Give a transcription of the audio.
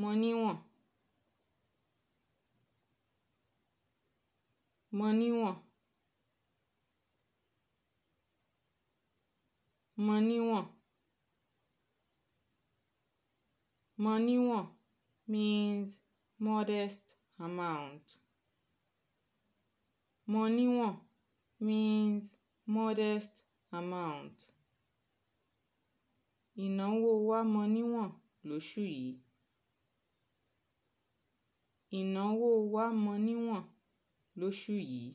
Mo níwọ̀n. Mo níwọ̀n. Mo níwọ̀n. Mo níwọ̀n means modest amount. Mo níwọ̀n means modest amount. Ìnáwó wa mo níwọ̀n lóṣù yìí ìnáwó wa mọ níwọ̀n lóṣù yìí